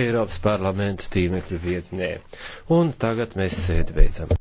Eiropas parlamenta tīmekļu vietnē. Un tagad mēs sēdi beidzam.